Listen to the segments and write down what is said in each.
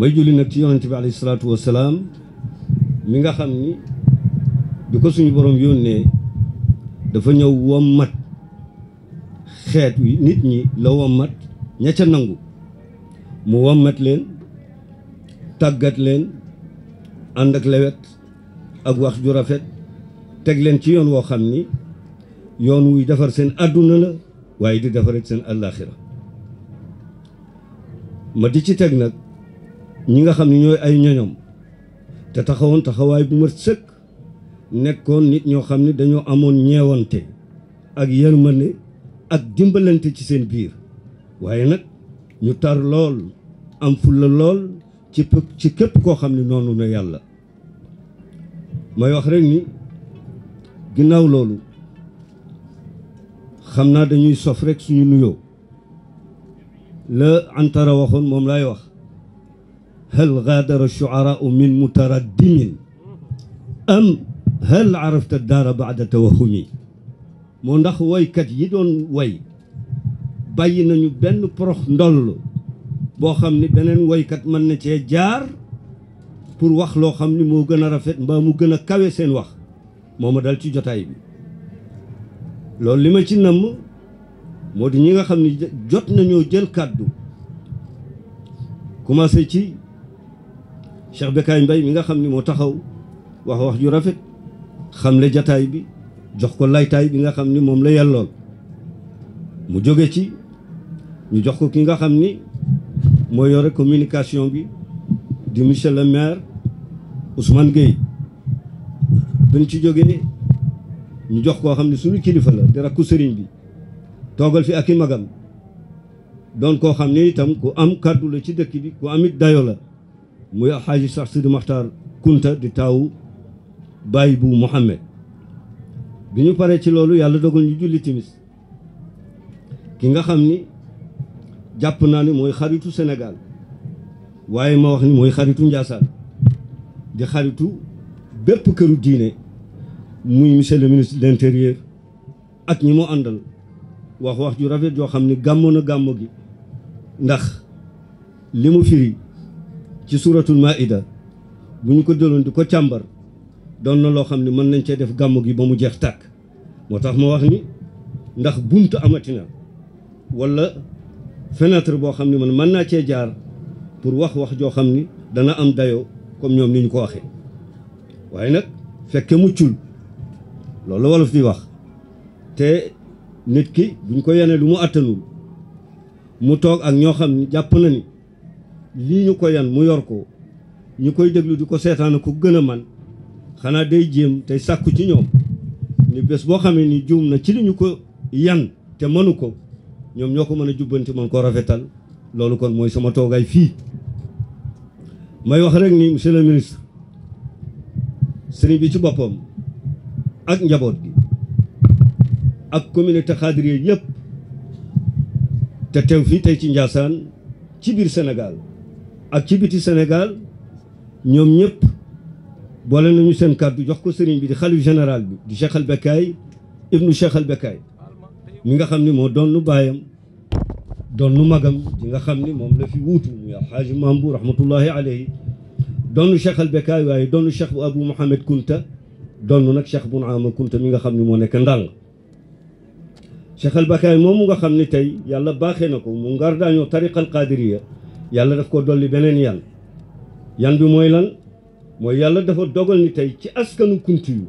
may julli nag ci yonent bi alayhi salaatu wasalaam mi nga xam ni bi ko suñu boroom yónnee dafa ñëw wommat xeet wi nit ñi la wommat ña ca nangu mu wommat leen tàggat leen ànd ak lewet ak wax ju rafet teg leen ci yoon woo xam ni yoon wuy defar seen àdduna la waaye di defarit seen àllaaxira ma di ci teg nag ñi nga xam ne ñooy ay ñoñom te taxawoon taxawaay bu mat sëkk nekkoon nit ñoo xam ne dañoo amoon ñeewante ak yërmande ak dimbalante ci seen biir waaye nag ñu tar lool am fulla lool ci ci képp koo xam ne noonu na yàlla may wax rek ni ginnaaw loolu xam naa dañuy sof rek suñu nuyoo la antara waxoon moom lay wax هل غادر الشعراء من متردم أم هل عرفت الدار بعد توهمي moo ndax woykat yi doon woy bàyyi nañu benn porox ndoll boo xam ni beneen woykat mën na cee jaar pour wax loo xam ni moo gën a rafet mbaa mu gën a kawe seen wax moo ma dal ci jotaay bi loolu li ma ci namm moo di ñi nga xam ni jot nañoo jël kàddu commencé ci Cheikh Bécaye mbay mi nga xam ni moo taxaw wax wax ju rafet xamle jataay bi jox ko laytaay bi nga xam ni moom la yellool mu jóge ci ñu jox ko ki nga xam ni moo yore communication bi di monsieur le maire Ousmane Gueye dañ ci jógee ñu jox koo xam ne suñu kilifa la di rakku sëriñ bi toogal fi ak i magam doon koo xam ne itam ku am kàddu la ci dëkk bi ku amit dayo la muy alxaaji sax Sidi Maxtaar Kunta di taawu baay bu Muhammed bi ñu paree ci loolu yàlla dogal ñu julli timis ki nga xam ni jàpp naa ni mooy xaritu Sénégal waaye ma wax ni mooy xaritu Njaasaan di xaritu bépp këru diine muy monsieur le ministre de l'intérieur ak ñi mu àndal wax wax ju rafet yoo xam ni gàmmoon na gàmmo gi ndax li mu firi ci suuratul maida bu ñu ko dëloon di ko càmbar doon na loo xam ne mën nañ cee def gàmmu gi ba mu jeex tàkk moo tax ma wax ni ndax bunt amatina walla fenêtre boo xam ne man mën naa cee jaar pour wax wax joo xam ni dana am dayo comme ñoom ni ñu ko waxee waaye nag fekke muccul loolu wolof di wax te nit ki buñ ko yenee lu mu àttanul mu toog ak ñoo xam ni jàpp na ni lii ñu ko yan mu yor ko ñu koy déglu di ko seetaan ko gën a man xanaa day jéem tey sàkku ci ñoom ni bés boo xamee ni juum na ci li ñu ko yan te mënu ko ñoom ñoo ko mën a jubbanti mën koo rafetal loolu kon mooy sama toogaay fii may wax rek ni monsieur le ministre sëriñ bi ci boppam ak njaboot gi ak communauté xaadiriyee yëpp te tew fii tey ci Njaasaan ci biir Sénégal ak ci biti senegal ñoom ñëpp boole nañu seen kàddu jox ko sëriñ bi di xalif général bi di Cheikh al Bekaay ibnu Cheikh al Bekaay mi nga xam ni moo doon nu baayam doon nu magam di nga xam ni moom la fi wuutu muy alxaaji Mambu rahmatullahi alayhi doonu Cheikh al Bekaay waaye doonu Cheikh bu Abu Mohamed Kunta doonu nag Cheikh bun Ama Kunta mi nga xam ni moo nekk ndàng Cheikh al Bekaay moom mu nga xam ni tey yàlla baaxee na ko mu ngar daañoo tariqa al yàlla daf ko dolli beneen yan yan bi mooy lan mooy yàlla dafa dogal ni tey ci askanu kunti yu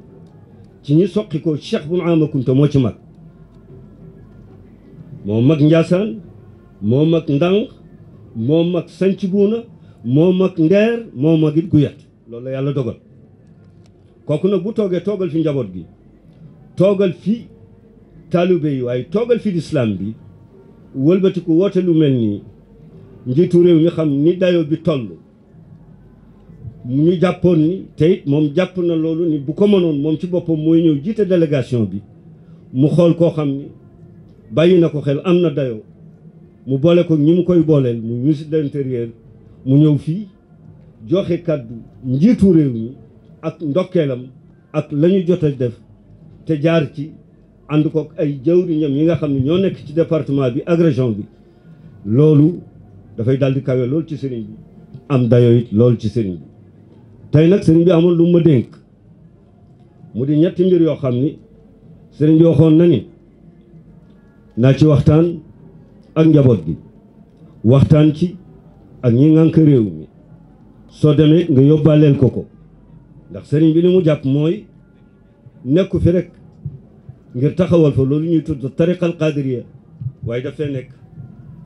ci ñi soqi ko cheikh bu maama kunta moo ci mag moo mag njaasaan moo mag ndànk moo mag sanc buuna moo mag ndeer moo mag it guyat loolu la yàlla dogal kooku nag bu toogee toogal fi njaboot gi toogal fi taalibe yi waaye toogal fi lislaam bi wëlbatiku woote lu mel nii njiitu réew mi xam ni dayo bi toll ñu jàppoon ni tey moom jàpp na loolu ni bu ko mënoon moom ci boppam mooy ñëw jiite délégation bi mu xool koo xam ni bàyyi na ko xel am na dayo mu boole ko ñi mu koy booleel mu ministre de l'intérieur mu ñëw fii joxe kàddu njiitu réew mi ak ndokkeelam ak lañu ñu def te jaar ci ànd ko ay ñam yi nga xam ne ñoo nekk ci département bi ak bi loolu dafay daal di kawe lool ci sëriñ bi am dayoo loolu ci sëriñ bi tey nag sëriñ bi amoon lu ma dénk mu di ñetti mbir yoo xam ni sëriñ bi waxoon na ni naa ci waxtaan ak njaboot gi waxtaan ci ak ñi ngànk réew mi soo demee nga yóbbaaleel ko ko ndax sëriñ bi li mu jàpp mooy nekku fi rekk ngir taxawal fa loolu ñuy tudd tariqal qadiriya waaye daf fee nekk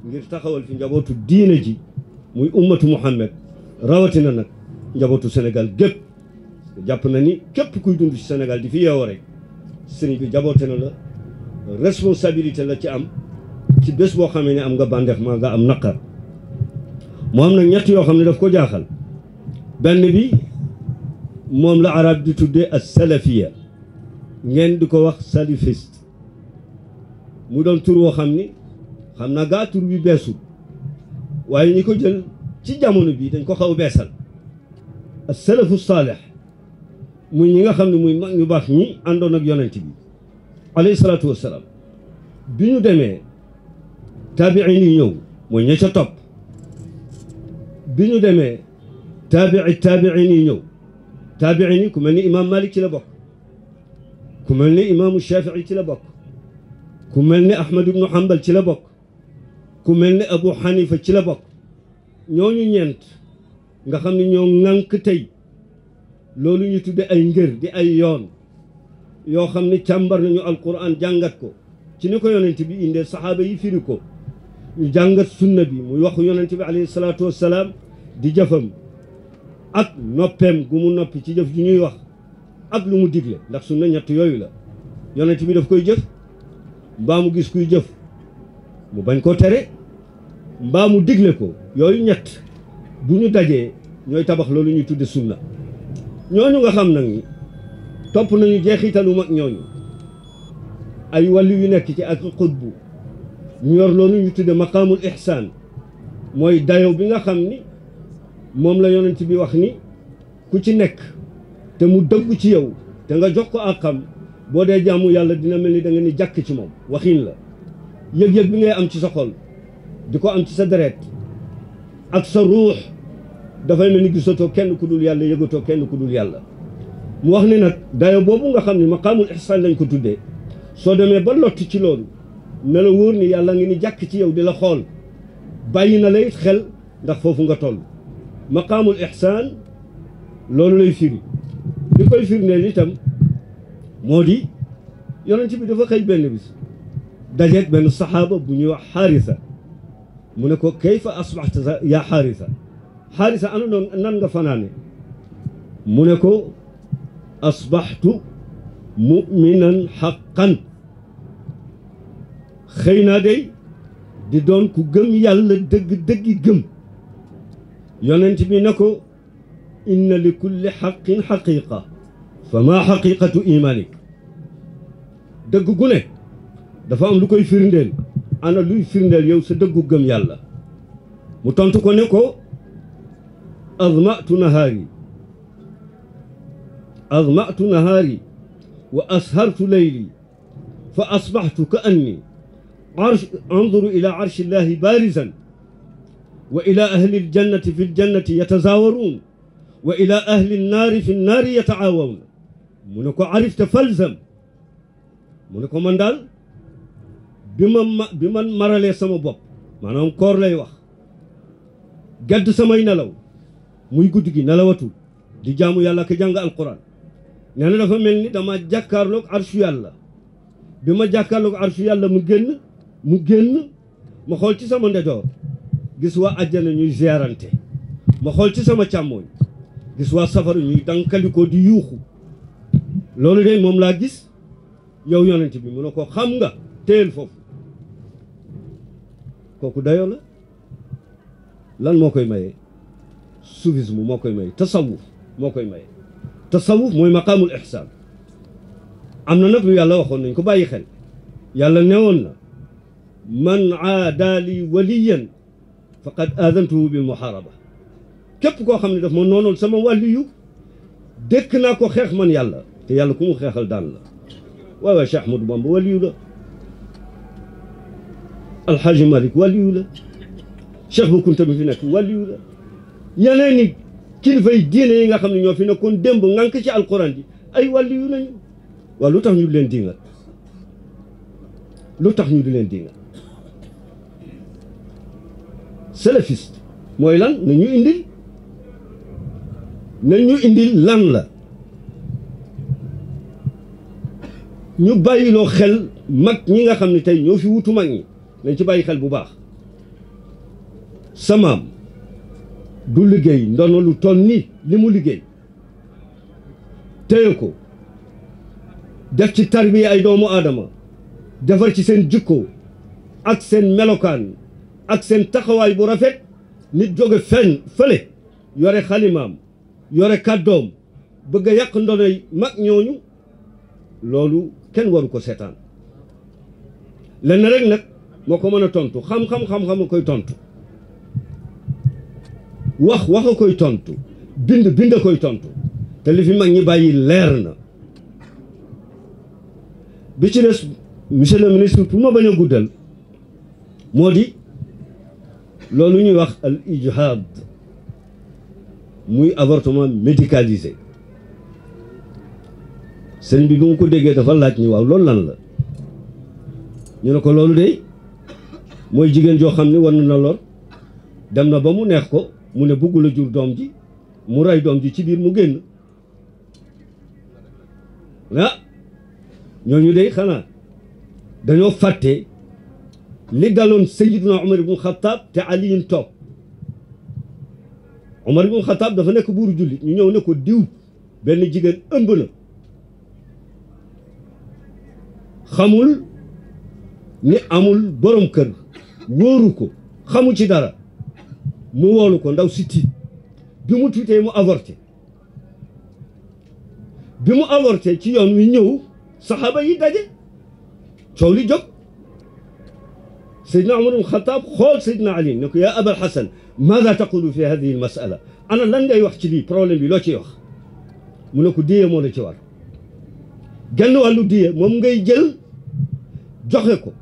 ngir taxawal fi njabootu diine ji muy ummatu Muhammad rawatina nag njabootu Sénégal gépp jàpp na ni képp kuy dund ci senegal di fi yeewoo rek sëriñ bi jaboote na la responsabilité la ci am ci bés boo xamee ne am nga bàndeex maa nga am naqar moo am nag ñett yoo xam ne daf ko jaaxal benn bi moom la arab di tuddee as salafiya ngeen di ko wax salafiste mu doon tur woo xam ni xam naa gaa tur bi beesul waaye ñi ko jël ci jamono bii dañ ko xaw beesal as salafu saalih muy ñi nga xam ne muy mag ñu baax ñi àndoon ak yonent bi alayhi salaatu wassalaam bi ñu demee taabiin yi ñëw mooy ña ca topp bi ñu demee taabii taabiin yi ñëw taabiin yi ku mel ni imaam Malik ci la bokk ku mel ni imaamu Shafii ci la bokk ku mel ni Ahmad ibnu Hanbal ci la bokk ku mel ni Abu Hanifa ci la bokk ñooñu ñeent nga xam ne ñoo ŋànk tey loolu ñu tudde ay ngër di ay yoon yoo xam ne càmbar nañu alquran jàngat ko ci ni ko yonent bi indee saxaaba yi firi ko ñu jàngat sunna bi muy waxu yonent bi alayhi salaatu wassalaam di jëfam ak noppeem gu mu noppi ci jëf ju ñuy wax ak lu mu digle ndax sunna ñett yooyu la yonent bi daf koy jëf mbaa mu gis kuy jëf mu bañ koo tere mbaamu mu digle ko yooyu ñett bu ñu dajee ñooy tabax loolu ñuy tudde sunna ñooñu nga xam nag ni topp nañu jeexitalu mag ñooñu ay wàllu yu nekk ci ak xutbu ñu yor loolu ñu tudde maqaamul ihsaan mooy dayo bi nga xam ni moom la yonent bi wax ni ku ci nekk te mu dëgg ci yow te nga jox ko àqam boo dee jàmm yàlla dina mel ni da nga ni jàkk ci moom waxin la yëg-yëg bi ngay am ci sa xol di ko am ci sa deret ak sa ruux dafay mel ni gisatoo kenn ku dul yàlla yëgatoo kenn ku dul yàlla mu wax ne nag dayo boobu nga xam ne maqaamul ihsaan lañ ko tuddee soo demee ba lott ci loolu ne la wóor ni yàlla ngi ni jàkk ci yow di la xool bàyyi na la xel ndax foofu nga toll maqaamul ihsaan loolu lay firi li koy firndeel itam moo di yonent bi dafa xëy benn bis dajeeg benn saxaaba bu ñuy wax xaarisa mu ne ko kayfa asbaxta yaa xaarisa xaarisa ana nan nga fanaane mu ne ko asbaxtu muminan xaqan xëy naa day di doon ku gëm yàlla dëgg dëggi gëm yonent bi ne ko inna li kulli xaqin xaqiqa fa maa xaqiqatu imaanik dëgg gu dafa am lu koy firndeel ana luy firndeel yow sa dëggu gëm yàlla mu tontu ko ne ko azmatu nahaari azmatu nahaari wa ashartu layli fa asbaxtu ka anni arsh anzuru ila arshi llahi barizan wa ila ahli ljannati fi ljannati yatazaawaruun wa ila ahli nnaari fi nnaari yatacaawawna mu ne ko arifta falzam mu ne ko man daal bi ma ma bi ma maralee sama bopp maanaam koor lay wax gàdd samay nelaw muy guddi gi nelawatu di jaamu yàlla ak jàng alquran nee na dafa mel ni dama jàkkaarloog arshu yàlla bi ma jàkkaarloog arshu yàlla mu génn mu génn ma xool ci sama ndejoor gis waa àjjana ñuy ziarante ma xool ci sama càmmooñ gis waa safara ñuy dankalikoo di yuuxu loolu de moom laa gis yow yonent bi mu ne ko xam nga téel foofu kooku dayoo la lan moo koy maye soufisme moo koy maye tasawuf moo koy maye tasawuf mooy maqaamul ihsaan am na nag lu yàlla waxoon nañ ko bàyyi xel yàlla newoon na man aada li waliyan faqad aadantuhu bil muharaba képp koo xam ne daf ma noonoon sama wàliyu dëkk naa ko xeex man yàlla te yàlla ku mu xeexal daan la waaw waaw Cheikh Ahmadou Bamba waliyu la alxaaji Malick wàlliyu la Cheikh Bou Kounta mi fi nekk wàlliyu la kilifay diine yi nga xam ne ñoo fi nekkoon démb ngànk ci alquran ji ay wàlliyu lañu waaw lu tax ñu di leen diingal lu tax ñu di leen diingal salafiste mooy lan na ñu indil ñu indil lan la ñu bàyyiloo xel mag ñi nga xam ne tey ñoo fi wutu ma ñi nañ ci bàyyi xel bu baax samaam du liggéey ndono lu toll ni li mu liggéey téye ko def ci tarbiya ay doomu aadama defar ci seen jikko ak seen melokaan ak seen taxawaay bu rafet nit jóge fenn fële yore xalimaam yore kàddoom bëgg a yàq ndonoy mag ñooñu loolu kenn waru ko seetaan lenn rek moo ko mën a tontu xam-xam xam-xam a koy tontu wax wax koy tontu bind bind a koy tontu te li fi mag ñi bàyyi leer na bi ci des monsieur le ministre pour ma bañ a guddal moo di loolu ñuy wax al ijhaad muy avortement médicalisé sëñ bi bu mu ko déggee dafa laaj ni waaw loolu lan la ñu ne ko loolu de mooy jigéen joo xam ne war na lor dem na ba mu neex ko mu ne buggul a jur doom ji mu rey doom ji ci biir mu génn ah ñooñu dey xanaa dañoo fàtte li daloon Seydina Omar ibn Khattab te Aliyin toog Omar ibn Khattab dafa nekk buur jullit ñu ñëw ne ko diw benn jigéen ëmb na xamul ni amul boroom kër wóoru ko xamu ci dara mu woolu ko ndaw si tiit bi mu tiitee mu avorté bi mu avorté ci yoon wi ñëw saxaaba yi daje coow li jóg Seydina Umar ibn Xataab xool Seydina Ali ne ko yaa Abal Xasan maada taqulu fi hadihi al masala ana lan ngay wax ci lii problème bi loo ciy wax mu ne ko diyee moo la ci war genn wàllu diyee moom ngay jël joxe ko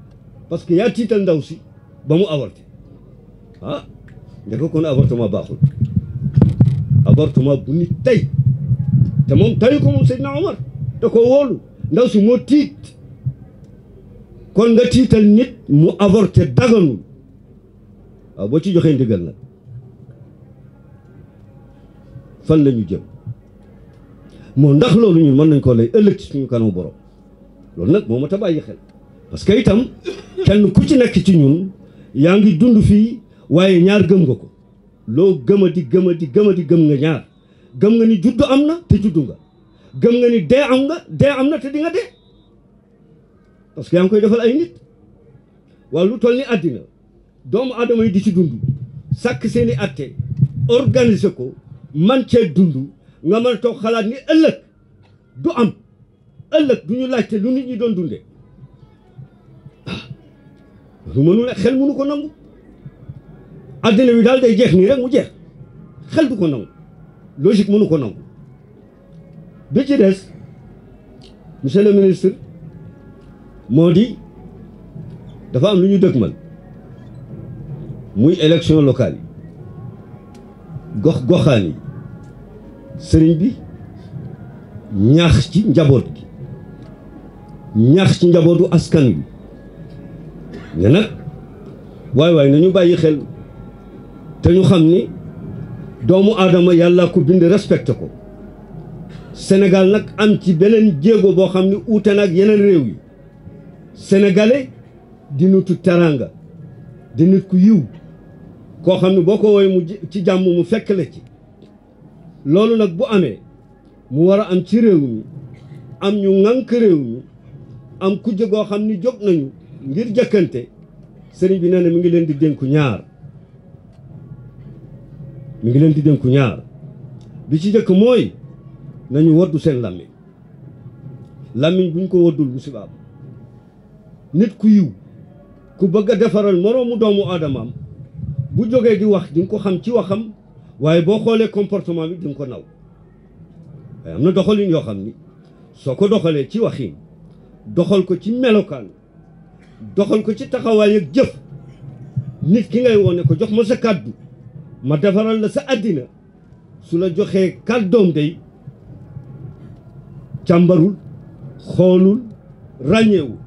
parce que yaa tiital ndaw si ba mu avorté ah dafa kon avortement baaxul avortement bu nit tey te moom tayu ko moom Seydina Omar da ko wóolu ndaw si moo tiit kon nga tiital nit mu avorté daganul waaw ah, boo ci joxe ndigal nag fan la ñu jëm moo ndax loolu ñun mën nañ koo lay ëllëg ci suñu kanamu borom loolu nag moo ma ta bàyyi xel parce que itam kenn ku ci nekk ci ñun yaa ngi dund fii waaye ñaar gëm nga ko loo gëmati gëmati gëmati gëm nga ñaar gëm nga ni juddu am na te juddu nga gëm nga ni dee am nga dee am na te di nga de parce que yaa ngi koy defal ay nit waaw lu toll ni àddina doomu aadama yi di ci dund sàkk seeni atte organise ko man cee dund nga mën a toog xalaat ni ëllëg du am ëllëg du ñu laajte lu nit ñi doon dundee lu mënul xel mënu ko nangu addina wi daal day jeex nii rek mu jeex xel du ko nangu logique mënu ko nangu bi ci des monsieur le ministre moo di dafa am lu ñu dëgmal muy élection locale yi gox goxaan yi sëriñ bi ñaax ci njaboot gi ñaax ci njabootu askan wi ne nag waay waay ñu bàyyi xel te ñu xam ni doomu aadama yàlla ko bind respecté ko Sénégal nag am ci beneen jéego boo xam ni uute nag yeneen réew yi sénégalais di nutu teraanga di nit ku yiw koo xam ne boo ko woowee mu ci jàmm mu fekk le ci loolu nag bu amee mu war a am ci réew mi am ñu ŋànk réew mi am kujje goo xam ni jóg nañu ngir jëkkante sëriñ bi nee mi ngi leen di dénku ñaar mi ngi leen di dénku ñaar bi ci njëkk mooy nañu waddu seen làmmiñ làmmiñ buñ ko waddul bu sibaab nit ku yiw ku bëgg a defaral moroomu doomu aadamaam bu jógee di wax di nga ko xam ci waxam waaye boo xoolee comportement bi di nga ko naw waaye am na doxalin yoo xam ni soo ko doxalee ci waxin doxal ko ci melokaan doxal ko ci taxawaay ak jëf nit ki ngay wone ko jox ma sa kàddu ma defaral la sa àddina su la joxee kàddoom day càmbarul xoolul ràññeewul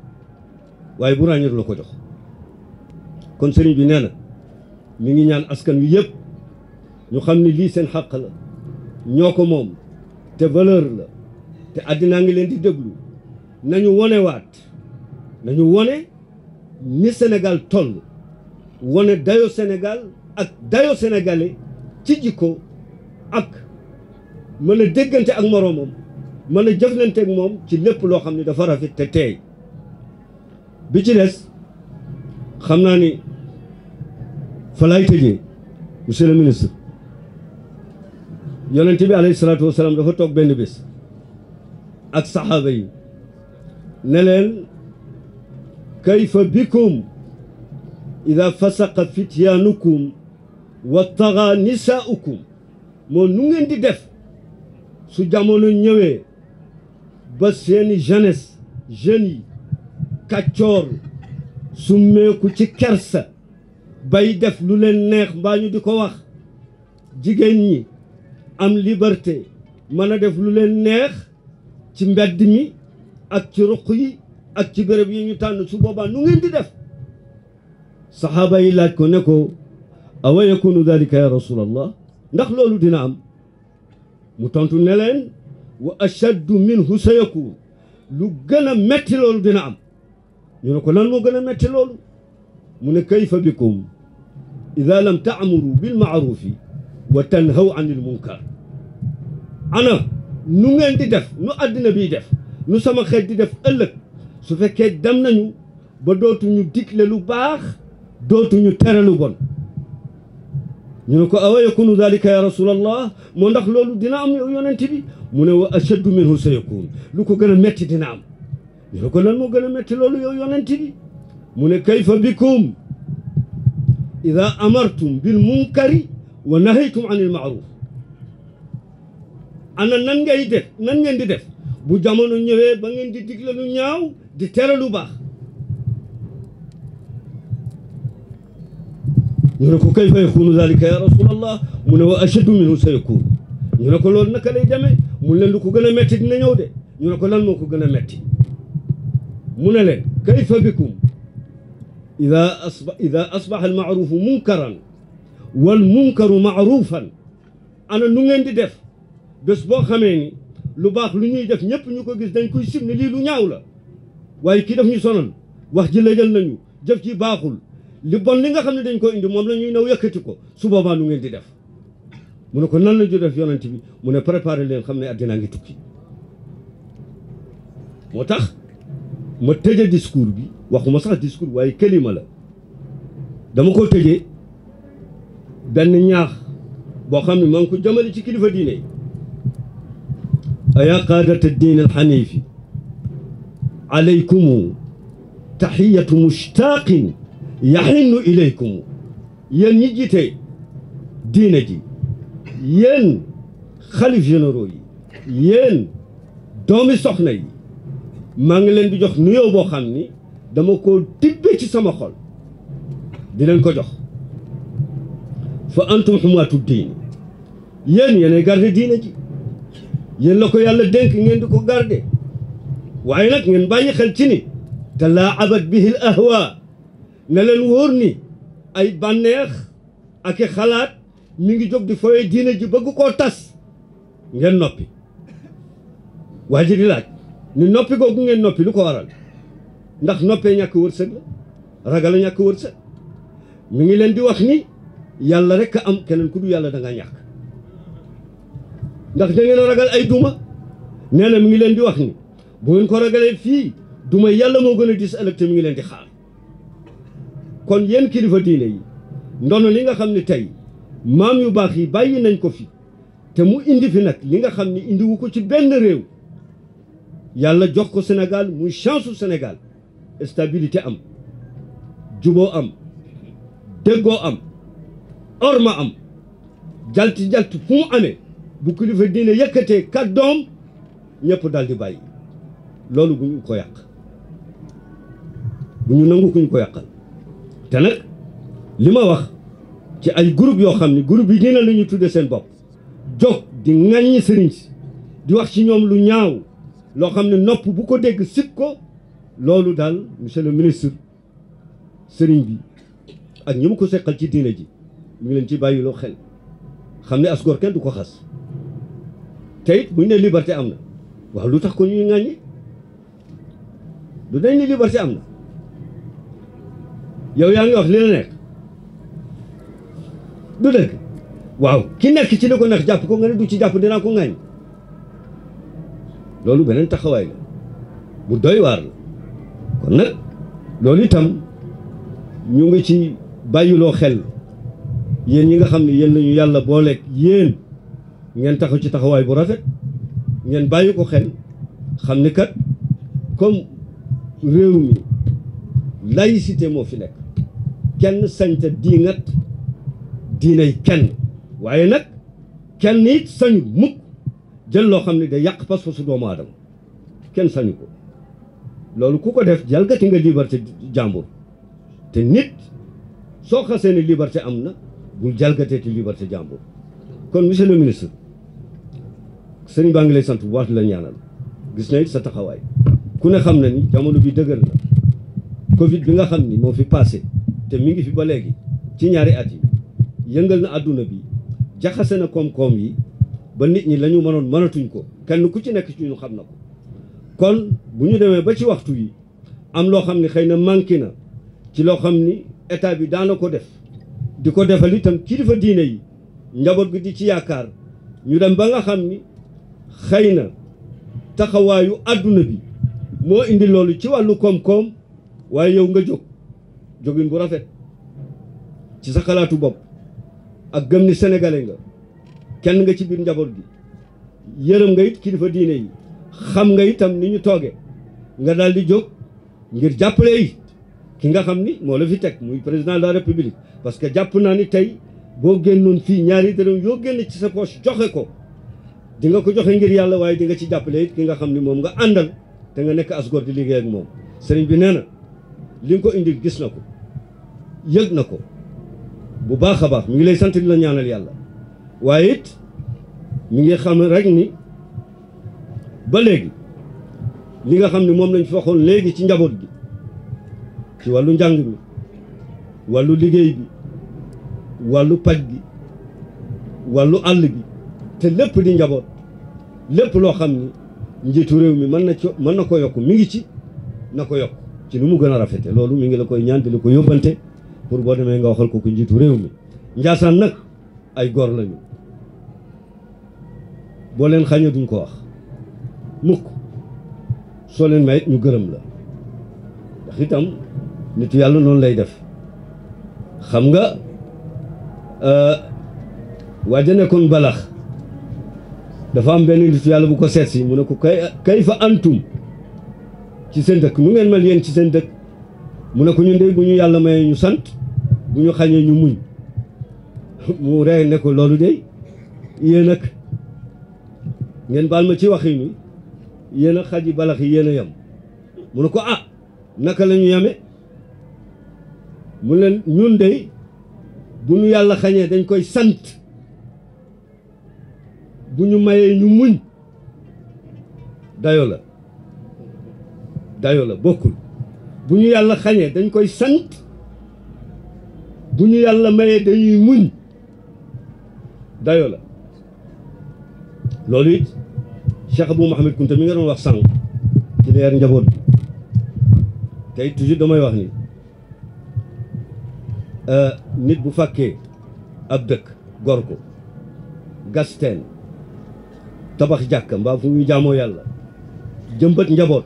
waaye bu ràññeetu la ko jox kon sëriñ bi nee na mi ngi ñaan askan wi yëpp ñu xam ne lii seen xàq la ñoo ko moom te valeur la te àddinaa ngi leen di déglu nañu wonewaat nañu wone ni Sénégal toll wane dayo Sénégal ak dayo sénégalais ci jikko ak mën a déggante ak moroomam mën a jëflante moom ci lépp loo xam ne dafa rafet te teey bi ci des xam naa ni fa laay tëjee monsieur le ministre yonent bi alayhi salaatu wasalaam dafa toog benn bis ak saxaaba yi ne leen kayfa bikum ida fasaqa fityaanukum wa tagaa nisaaukum moo nu ngeen di def su jamono ñëwee ba seeni jeunesse jeunes yi kàccoor su ci kersa bay def lu leen neex mbaa di ko wax jigéen ñi am liberté mën a def lu leen neex ci mbedd mi ak ci ruq yi ak ci béréb yi ñu tànn su boobaa nu ngeen di def saxaaba yi laaj ko ne ko awa yakunu dalika ya rasulallah ndax loolu dina am mu tontu ne leen wa ashaddu minhu sa yakun lu gën a metti loolu dina am ñu ne ko lan moo gën a metti loolu mu ne kayfa bikum ida lam taamuru bilmaarufi wa tanhaw an il munkar ana nu ngeen di def nu àddina bi def nu sama xeet di def ëllëg su fekkee dam nañu ba dootuñu digle lu baax dootuñu tere lu bon ñu ne ko awa yakunu dalika ya rasulallah moo ndax loolu dina am yonent bi mu ne wa ashaddu minhu sa yakun lu ko gën a metti dina am ñu ne ko lan moo gën a metti loolu yow yonent bi mu ne kayfa bikum ida amartum bil munkari wa nahaytum anil maaruf ana nan ngay nan ngeen di def bu jamono ñëwee ba ngeen di digle lu ñaaw di teel a lu baax ñu ne ko kayfa yakunu dalika mu ne wa ashaddu minhu sa yakun ñu ne ko loolu naka lay demee mu ne leen lu ko gën a metti dina ñëw de ñu ne ko lan moo ko gën a metti mu ne leen kayfa bikum ida asba ida asbaxa almaarufu munkaran wal munkaru maarufan ana nu ngeen di def bés boo xamee lu baax lu ñuy def ñëpp ñu ko gis dañ koy sim ne lii lu ñaaw la waaye kii daf ñu sonal wax ji lëjal nañu jëf ci baaxul li bon li nga xam ne dañ ko indi moom lañuy ñuy naw yëkkati ko su boobaa nu ngeen di def mu ne ko nan la ju def yonent bi mu ne préparé leen xam ne àddinaa ngi tukki moo tax ma tëje discours bi ma sax discours waaye këlima la dama koo tëjee benn ñaax boo xam ne maa ngi ko jëmale ci kilifa diine aya qaadata diin alxanifi alaykum taxiyatu mushtaqin yaxinnu ilaykum yéen ñi jiite diine ji yéen xalif généraux yi yéen doomi soxna yi maa ngi leen di jox nuyoo boo xam ni dama ko tibbee ci sama xol di leen ko jox fa antum xumaatu diine yéen yéenay garde diine ji la ko yàlla dénk ngeen di ko garde waaye nag ngeen bàyyi xel ci ni te laa abat bihil ahwa ne wóor ni ay bànneex ak i xalaat mi ngi jóg di foye diine ji bëgg koo tas ngeen noppi waa ji di laaj ni noppi googu ngeen noppi lu ko waral ndax noppee ñàkk wërsëg la ragal a ñàkk wërsëg mi ngi leen di wax ni yàlla rek a am keneen ku du yàlla danga nga ñàkk ndax da ngeen a ragal ay duma nee na mi ngi leen di wax ni bu ngeen ko ragalee fii duma yàlla moo gën a dis ëllëg te ngi leen di xaar kon yéen kilifa diine yi ndono li nga xam ne tey maam yu baax yi bàyyi nañ ko fi te mu indi fi nag li nga xam ni indiwu ko ci benn réew yàlla jox ko senegal muy chance u Sénégal stabilité am juboo am déggoo am orma am jalti-jalt fu mu amee bu kilifa diine yëkkatee kat doom ñëpp daal di bàyyi loolu bu ñu ko yàq bu ñu nangu kuñ ko yàqal te nag li ma wax ci ay groupe yoo xam ne groupe yi dina la ñu tudde seen bopp jox di ŋàññi sëriñ si di wax ci ñoom lu ñaaw loo xam ne nopp bu ko dégg sib loolu daal monsieur le ministre sëriñ bi ak ñi mu ko seqal ci diina ji ñu leen ci bàyyiloo xel xam ne asgoor kenn du ko xas te it buñ ne liberté am na waaw lu tax ko ñuy ŋàññi du dañ ni si am na yow yaa ngi wax li la nekk du dëgg waaw ki nekk ci li ko neex jàpp ko nga ne du ci jàpp dinaa ko ŋaañ loolu beneen taxawaay la bu doy waar la kon nag loolu itam ñu ngi ci bàyyiloo xel yéen yi nga xam ne yéen lañu yàlla booleeg yéen ngeen taxaw ci taxawaay bu rafet ngeen bàyyi ko xel xam ni kat comme réew mi laïcité moo fi nekk kenn sañta diingat diinay kenn waaye nag kenn it sañu mukk jël loo xam ne day yàq pas-pasu doomu aadama kenn sañu ko loolu ku ko def jalgati nga liberté jàmbur te nit soo xasee ne liberté am na bul jalgatee ti liberté jàmbur kon monsieur le ministre sëñ baa ngi lay sant bu baax la ñaanal gis na sa taxawaay ku ne xam na ni jamono bi dëgër na Covid bi nga xam ni moo fi passé te mi ngi fi ba léegi ci ñaari at yi yëngal na àdduna bi jaxase na koom-koom yi ba nit ñi lañu ñu mënoon mënatuñ ko kenn ku ci nekk ci ñu xam na ko kon bu ñu demee ba ci waxtu yi am loo xam ni xëy na manqué na ci loo xam ni état bi daana ko def di ko defal itam kilifa diine yi njaboot gi di ci yaakaar ñu dem ba nga xam ni xëy na taxawaayu àdduna bi moo indi loolu ci wàllu koom-koom waaye yow nga jóg jógin bu rafet ci sa xalaatu bopp ak gëm ni sénégalais nga kenn nga ci biir njaboot gi yërëm nga it kilifa diine yi xam nga itam ni ñu tooge nga daal di jóg ngir jàppale yi ki nga xam ni moo la fi teg muy président de la république parce que jàpp naa ni tey boo génnoon fii ñaari dërëm yoo génn ci sa poche joxe ko di nga ko joxe ngir yàlla waaye di nga ci jàppale it ki nga xam ni moom nga àndal te nga nekk asgor di liggéey moom sëriñ bi nee na li nga ko indi gis na ko yëg na ko bu baax a baax mi ngi lay sant di la ñaanal yàlla waaye it mi ngi xam rek ni ba léegi li nga xam ni moom lañ fi waxoon léegi ci njaboot bi ci wàllu njàng mi wàllu liggéey bi wàllu paj gi wàllu àll bi te lépp di njaboot lépp loo xam ni njiitu réew mi mën na co mën na ko yokk mi ngi ci na ko yokk ci nu mu gën a rafete loolu mu ngi la koy ñaan di la ko yóbbante pour boo demee nga waxal ko ko njiitu réew mi njaasaan nag ay góor lañu boo leen xañee duñ ko wax mukk soo leen mayit ñu gërëm la ndax itam nitu yàlla noonu lay def xam nga euh, waaja nekkoon balax dafa am benn nit yàlla bu ko seet si mu ne ko kay kay fa antum ci seen dëkk nu ngeen mel yéen ci seen dëkk mu ne ko ñun de bu ñu yàlla mayee ñu sant bu ñu xañee ñu muñ mu ree ne ko loolu de yéen ak ngeen baal ma ci wax yi yéen xaj yi balax yi yéen a yem mu ne ko ah naka la ñu yeme mu leen ñun de bu ñu yàlla xañee dañ koy sant bu ñu mayee ñu muñ dayo la dayo la bokkul bu ñu yàlla xañee dañ koy sant bu ñu yàlla mayee dañuy muñ dayo la loolu it Cheikh Abou Mouhamed Kounta mi nga doon wax sànq ci leer njaboot bi tey toujours damay wax ni euh, nit bu fàkkee ab dëkk gor ko gas teen tabax jàkka mbaa fu ñu jaamoo yàlla jëmbat njaboot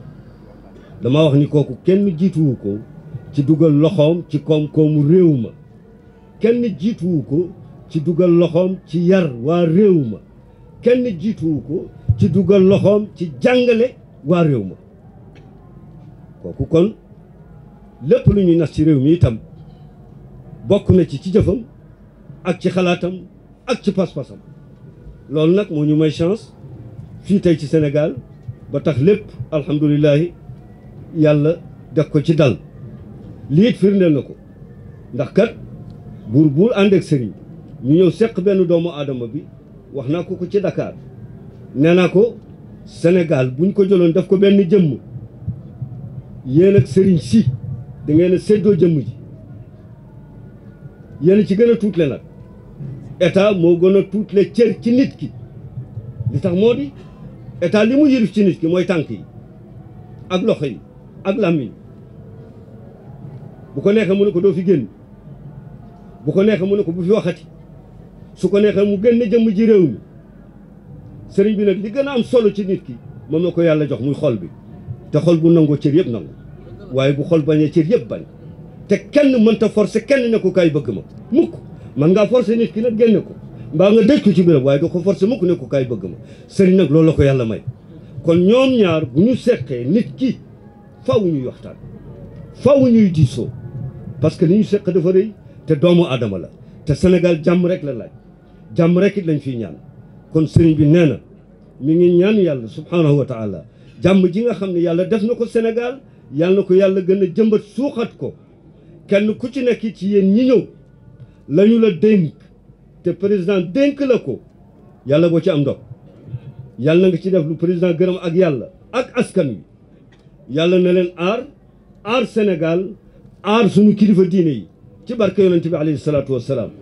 dama wax ni kooku kenn jiituwu ko ci dugal loxoom ci koom-koomu réew ma kenn jiituwu ko ci dugal loxoom ci yar waa réew ma kenn jiituwu ko ci dugal loxoom ci jàngale waa kooku kon lépp lu ñuy nas ci réew mi itam bokk na ci ci jëfam ak ci xalaatam ak ci pas loolu nag moo ñu may chance fii tey ci Sénégal ba tax lépp alhamdulilahi yàlla def ko ci dal liit firndeel na ko ndax kat buur buur àndeek sëriñ ñu ñëw seq benn doomu aadama bi wax naa ko ko ci dakaar nee naa ko Sénégal buñ ko jëloon def ko benn jëmm yéen ak sëriñ si da ngeen a séddoo jëmm ji yéen ci gën a tuutle nag état moo gën a tuutle cër ci nit ki li tax moo di état li mu yërif ci nit ki mooy tànk yi ak loxo yi ak làmmiñ bu ko neexee mu ne ko doo fi génn bu ko neexee mu ne ko bu fi waxati su ko neexee mu génn jëmm ji réew mi sëriñ bi nag li gën a am solo ci nit ki moom la ko yàlla jox muy xol bi te xol bu nangoo cër yëpp nangu waaye bu xol bañee cër yëpp bañ te kenn mënta forcer kenn ne ko kaay bëgg ma mukk man ngaa forcer nit ki nag génne ko mbaa nga dëj ko ci biram waaye doo ko forcé mukk ne ko kaay bëgg ma sëriñ nag loolu la ko yàlla may kon ñoom ñaar bu ñu seqee nit ki faw ñuy waxtaan faw ñuy diisoo parce que li ñu seq dafa rëy te doomu aadama la te Sénégal jàmm rek la laaj jàmm rek it lañ fiy ñaan kon sëriñ bi nee na mu ngi ñaan yàlla subhaanahu wa taala jàmm ji nga xam ne yàlla def na ko Sénégal yàlla na ko yàlla gën a jëmbat suuxat ko kenn ku ci nekk ci yéen ñi ñëw lañu la dénk te président dénk la ko yàlla boo ci am ndox yàlla nga ci def lu président gërëm ak yàlla ak askan wi yàlla na leen aar aar Sénégal aar sunu kilifa diine yi ci barke yonent bi alayhi salaatu